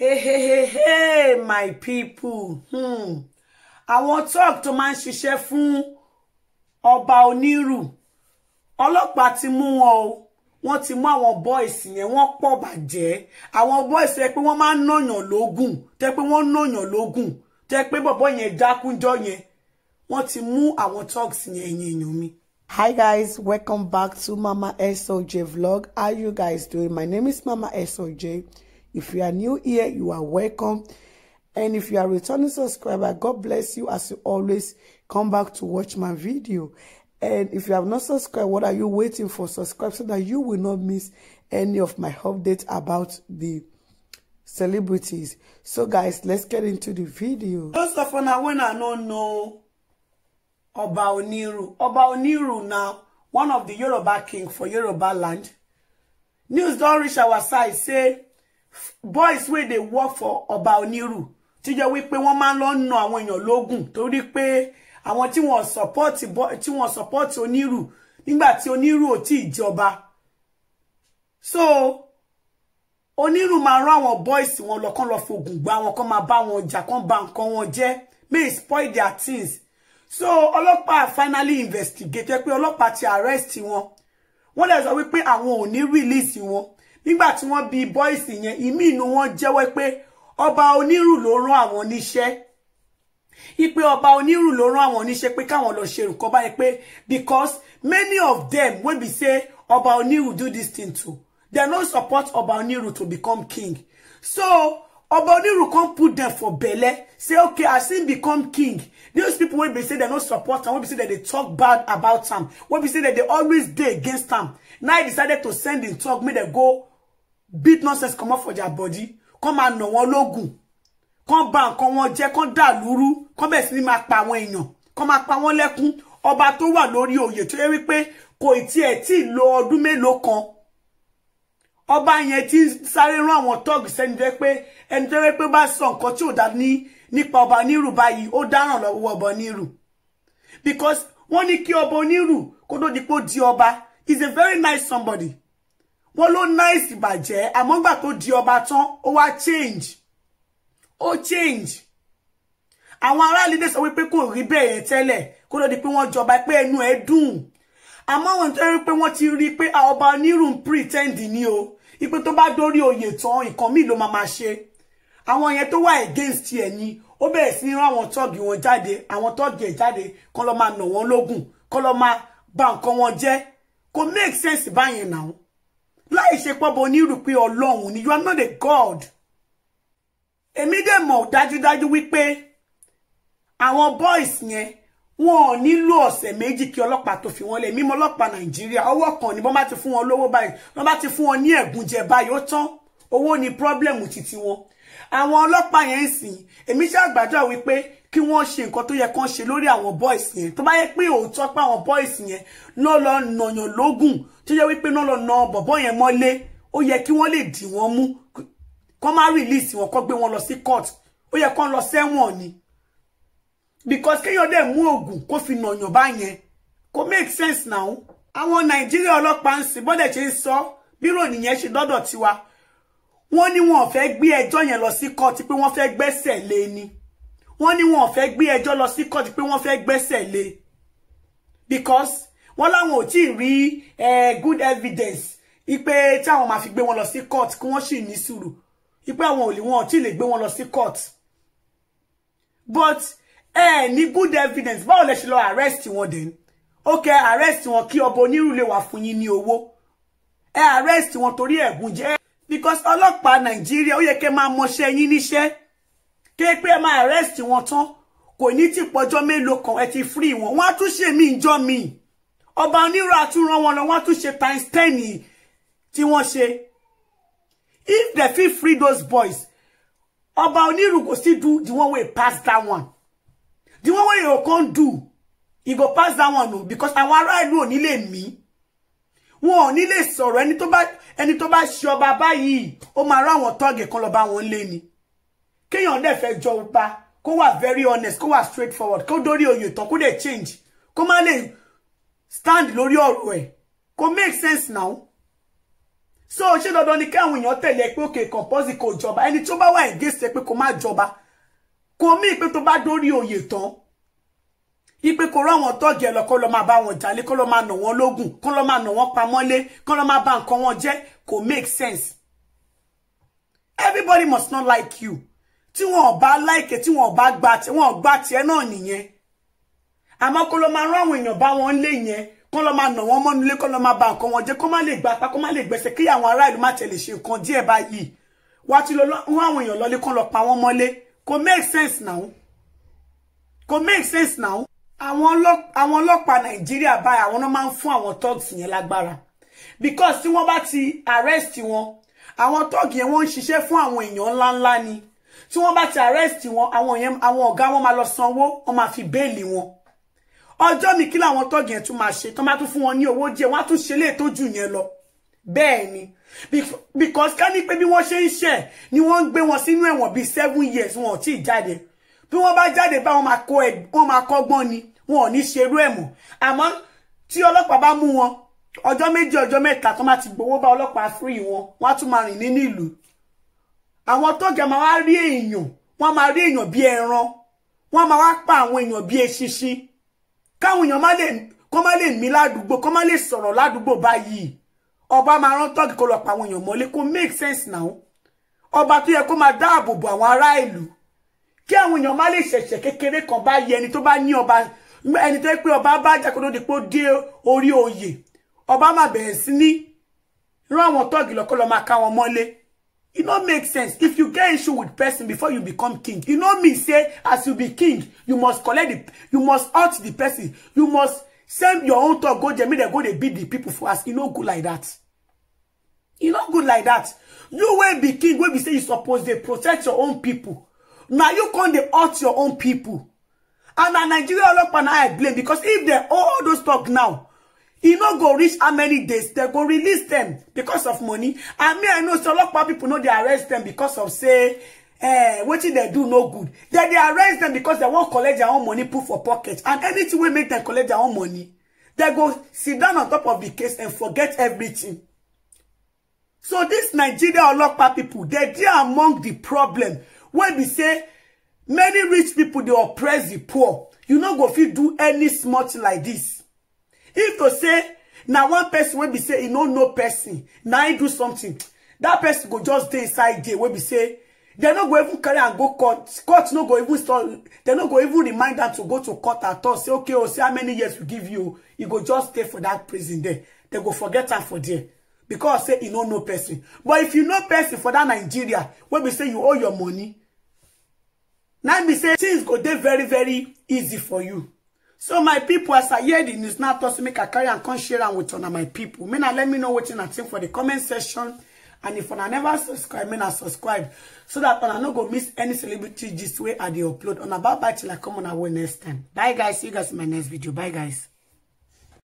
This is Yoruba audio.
hey hey hey hey my people hmm. àwọn talk tó máa ń ṣiṣẹ́ fún ọba onírù ọlọ́pàá ti mú wọn o wọ́n ti mú àwọn bọ́ìsì yẹn wọ́n pọ̀ bàjẹ́ àwọn bọ́ìsì yẹn pé wọ́n máa ń nàyàn lógún tẹ́ pé wọ́n nàyàn lógún tẹ́ pé bọ̀bọ́ yẹn dákúnjọ́ yẹn wọ́n ti mú àwọn talks yẹn ẹ̀yìn èèyàn mi. Hi guys, welcome back to Mama SOJ vlog. How you guys doing? My name is Mama SOJ. If you are new here, you are welcome. And if you are returning subscriber, God bless you as you always come back to watch my video. And if you have not subscribed, what are you waiting for? Subscribe so that you will not miss any of my updates about the celebrities. So guys, let's get into the video. First of all, now when I don't know about Oniru, about Oniru now, one of the Yoruba king for Yoruba land, news don't reach our side say boys wey dey work for ọba onírù tí jẹ́ wípé wọ́n máa ń lọ na àwọn èèyàn lógún torí pé àwọn tí wọ́n support tí wọ́n support onírù nígbà tí onírù ò tí ì jọba so onírù máa rán àwọn boys wọn lọ kán lọ fògùn gba wọn kán máa bá wọn jà kán ba nǹkan wọn jẹ́ may spoil their things so ọlọ́pàá finally investigate pé ọlọ́pàá ti arrest wọn wọ́n dẹ̀ sọ wípé àwọn ò ní release wọn nígbà tí wọ́n bi boys yẹn ìmí inú wọn jẹ́wọ́ pé ọba onírù ló rán àwọn níṣẹ́ ipe ọba onírù ló rán àwọn níṣẹ́ pé káwọn lọ ṣe nǹkan báyìí pé because many of them wey be say ọba onírù do this thing too they no support ọba onírù to become king so ọba onírù come put them for belle say okay as him become king these people wey be say dem no support am wey be say dem dey talk bad about am wey be say dem dey always dey against am now he decided to send him talk make them go beat nonsense come comot for their body Come and no wọ́n lógùn kọ́n bà nǹkan wọn jẹ́ kọ́n dà lúrú kọ́n bẹ̀ sí ní máa pa àwọn èèyàn kọ́n máa pa wọ́n lẹ́kún ọba tó wà lórí oyè tó yẹ wípé kò e tiẹ̀ tí ì lo ọdún mélòó kan ọba yẹn ti sáré rán àwọn tọ́ọ̀gì sẹ́ni tó yẹ pé ẹni tó yẹ pé bá sọ nǹkan tí ò dá ní nípa ọba onírù báyìí ó dáràn lọ́wọ́ ọba onírù because wọ́n ní kí ọba onírù kó tó di di ọba is a very nice somebody wọ́n ló nice ìbàjẹ́ àmọ́ gbà tó di ọba tán ó wá change ó change àwọn aráàlú dé sọ wípé kò rí bẹ́ẹ̀ yẹn tẹ́lẹ̀ kó ló di pé wọ́n jọba pé ẹnu ẹ̀ dùn àmọ́ wọn tó rí pé wọ́n ti rí pé ọba onírùn pretend ni o ipe tó bá dórí oyè tán nǹkan míì ló máa máa ṣe àwọn yẹn tó wà against ẹ̀ ni ó bẹ̀rẹ̀ sí ní rán àwọn tọ́ọ̀gì wọn jáde àwọn tọ́ọ̀gì ẹ̀ jáde kán lọ́ máa nà wọ́n lógùn kán lọ́ máa ba nǹkan wọn jẹ́ kò make sense báyẹn náà láì ṣe pọ́bọ onírù pé ọlọ́run ni you are not a god èmi dẹ̀ mọ̀ dájúdájú wípé àwọn boys yẹn wọn ò nílò ọ̀sẹ̀ méjì kí ọlọ́pàá tó fi wọn lẹ̀ mímọ́ ọlọ́pàá nàìjíríà ọwọ́ kan ni wọ́n bá ti fún wọn lówó báyìí wọ́n bá ti fún wọn ní ẹ̀gúnjẹ báyìí ó tán owó ni pírọ́blẹ̀mù títí wọn àwọn ọlọ́pàá yẹn ń sìn èmi ṣe àgbàjọ wípé kí wọ́n ṣe nǹkan tó yẹ kán ṣe lórí àwọn boys yẹn tó bá yẹ pé òótọ́ pé àwọn boys yẹn ló lọ nàyàn lógún tó yẹ wípé náà lọ na bọ̀bọ́ yẹn mọ́lé ó yẹ kí wọ́n lè dì wọ́n mú kọ́ má release wọn kọ́ gbé wọn lọ sí court ó yẹ kọ́ lọ sẹ́wọ̀n ni because kéèyàn dẹ̀ mú oògùn kó fi nàyàn bá yẹn kò make sense now àwọn nàìjíríà ọlọ́pàá ń sìn bọ́dẹ̀ ṣe ń sọ bírò nìyẹn ṣe dọ́dọ̀ tiwa wọ́n ní wọn ò fẹ́ gbé ẹjọ́ yẹn lọ sí kọ́ọ̀tì pé wọ́n fẹ́ gbẹ́sẹ̀ lé ni wọ́n ní wọn ò fẹ́ gbé ẹjọ́ lọ sí kọ́ọ̀tì pé wọ́n fẹ́ gbẹ́sẹ̀ lé because wọ́n láwọn ò tí ì rí eh, good evidence ipe táwọn máa fi gbé wọn lọ sí court kí wọ́n sì ní sùúrù ipe àwọn ò lè wọn ò tí ì lè gbé wọn lọ sí court but ẹ eh, ní good evidence báwo lẹ ṣe lọ arrest wọn dẹ̀ ok arrest wọn kí ọba onírú lè wà fún yín ní owó ẹ arrest wọn torí ẹ̀gún jẹ́ because ọlọ́pàá nàìjíríà ó yẹ kẹ́ máa mọṣẹ́ yín níṣẹ́ kéèpé ẹ máa arrest wọn tán kò ní ti pọjọ́ mélòó kan ẹ ti free wọn wọ́n á tún ṣe mí ìjọ míì ọba onírò àtúnrán wọn lọ wọn tún ṣe times ten tí wọ́n ṣe if they fit free those boys ọba onírò go still do the one wey pass that one the one wey you come do e go pass that one o because àwọn ará ìlú ò ní lè mí wọn ò ní lè sọ̀rọ̀ ẹni tó bá ẹni tó bá ṣe ọba báyìí ó máa rá àwọn tọ́ọ̀gì kan lọ́ba wọn lé ni kéèyàn dẹ̀ fẹ́ jọ ọba kó wà very honest kó wà straightforward kó dórí oyè tán kó dẹ̀ change kó má lè stand lórí ọ̀rọ̀ ẹ̀ kò make sense now so she dandan ni káwọn èèyàn tẹ̀lé pé òkè compulsory kò jọba ẹni tó bá wà against ẹ pé kò má jọba kò mí pé tó bá dórí oyè tán ipe kò rọ àwọn tọ́ọ̀gì ẹ lọ kó lọ máa bá wọn jalè kó lọ máa nà wọn lógùn kó lọ máa nà wọn pamọ́lé kó lọ máa bà nǹkan wọn make sense everybody must not like you tí wọn ò like ẹ tí wọn ò bá gbà tí wọn ò gbà tiẹ̀ náà àmọ́ kó lọ máa rán àwọn èèyàn bá wọn lé yẹn kán lọ máa nà wọ́n mọ́nu lé kán lọ máa ba nǹkan wọn jẹ́ kán má lè gba apá kán má lè gbẹ̀sẹ̀ kí àwọn ará ìlú má tẹ̀lé ṣe nǹkan díẹ̀ báyìí wá ti lọ rán àwọn èèyàn lọlé kán lọ pa wọ́n mọ́lé kò make sense now kò make sense now àwọn ọlọ́pàá nàìjíríà báyìí àwọn náà máa ń fún àwọn thugs yẹn lágbára because tí wọ́n bá ti arrest wọn àwọn thugs yẹn wọ́n ń ṣiṣẹ́ fún àwọn èèyàn ńláńlá ni tí wọ́n bá ti arrest wọn àwọn ọ̀gá wọn máa lọ sanwó wọ́n máa fi bẹ́ẹ̀lì wọn ọjọ́ mi kí làwọn tọ́gì yẹn tún máa ṣe tán bá tún fún wọn ní owó díẹ̀ wọ́n á tún ṣe lè tó jù yẹn lọ bẹ́ẹ̀ ni because ká ní pé bí wọ́n ṣe ń ṣẹ̀ ni wọ́n ń gbé wọn sínú ẹ̀wọ̀n bíi seven years wọn ò tí ì jáde bí wọ́n bá jáde bá wọn máa kọ́gbọ́n ni wọn ò ní ṣerú ẹ̀ mọ́ àmọ́ tí ọlọ́pàá bá mú wọn ọjọ́ méjì ọjọ́ mẹ́ta tó máa ti gbowó bá ọlọ́pàá free wọn wọ́n á tún máa rìn nínú ìlú àwọn tọ́gà máa wá rí èèyàn wọ́n máa rí èèyàn bíi ẹran wọ́n máa wá pa àwọn èèyàn bíi eṣinṣin káwọn èèyàn má lè kọ́ má lè mí ládùúgbò kọ́ má lè sọ̀rọ̀ ládùúgbò báyìí ọba máa rán tọ́gì kó lọ pa àwọn èèyàn mọ́lé kó make sense now ọba tó yẹ kó máa dáàbò bo àwọn ará ìlú kí àwọn èèyàn má lè ṣẹ̀ṣẹ̀ kékeré kan bá yẹ ẹni tó bá ní ọba ẹni tó yẹ pé ọba bá jàkóso dípò dé orí oyè ọba máa bẹ̀rẹ̀ sí ní rán àwọn tọ́gì lọ kó máa ká wọn mọ́lé It not make sense if you get issue with person before you become king You know me say as you be king you must collect the you must out the person you must send your own talk go there make dem go they beat the people for us e no good like that e no good like that you wey be king when we say you suppose dey protect your own people Now you con dey hurt your own people and a nigeria olopa na i blame because if they all those talk now e no go reach how many days they go release them because of money and me i know say olopa people. no they arrest them because of say eh wetin they do no good dem they arrest them because they won't collect their own money put for pocket and anything will make them collect their own money They go sit down on top of the case and forget everything. so this nigeria olopa people, they dey among the problem wey we say many rich people they oppress the poor you no go feel do any smart like this if to say now one person will be say you know no person now he do something that person go just stay inside there. Will be say dem not go even carry and go court court no go even start dem not go even remind them to go to court at all say okay o oh, say how many years we give you e go just stay for that prison there They go forget am for there because say you know no person but if you know person for that nigeria wey be say you owe your money Now be say things go there very very easy for you so my people, as i hear the news now tok make i carry and come share am with una my people. make let me know wetin i think for the comment section and if una never subscribe make na subscribe so dat una no go miss any celebrity gist way i dey upload una about bye till i come on our way next time bye guys see you guys in my next video bye guys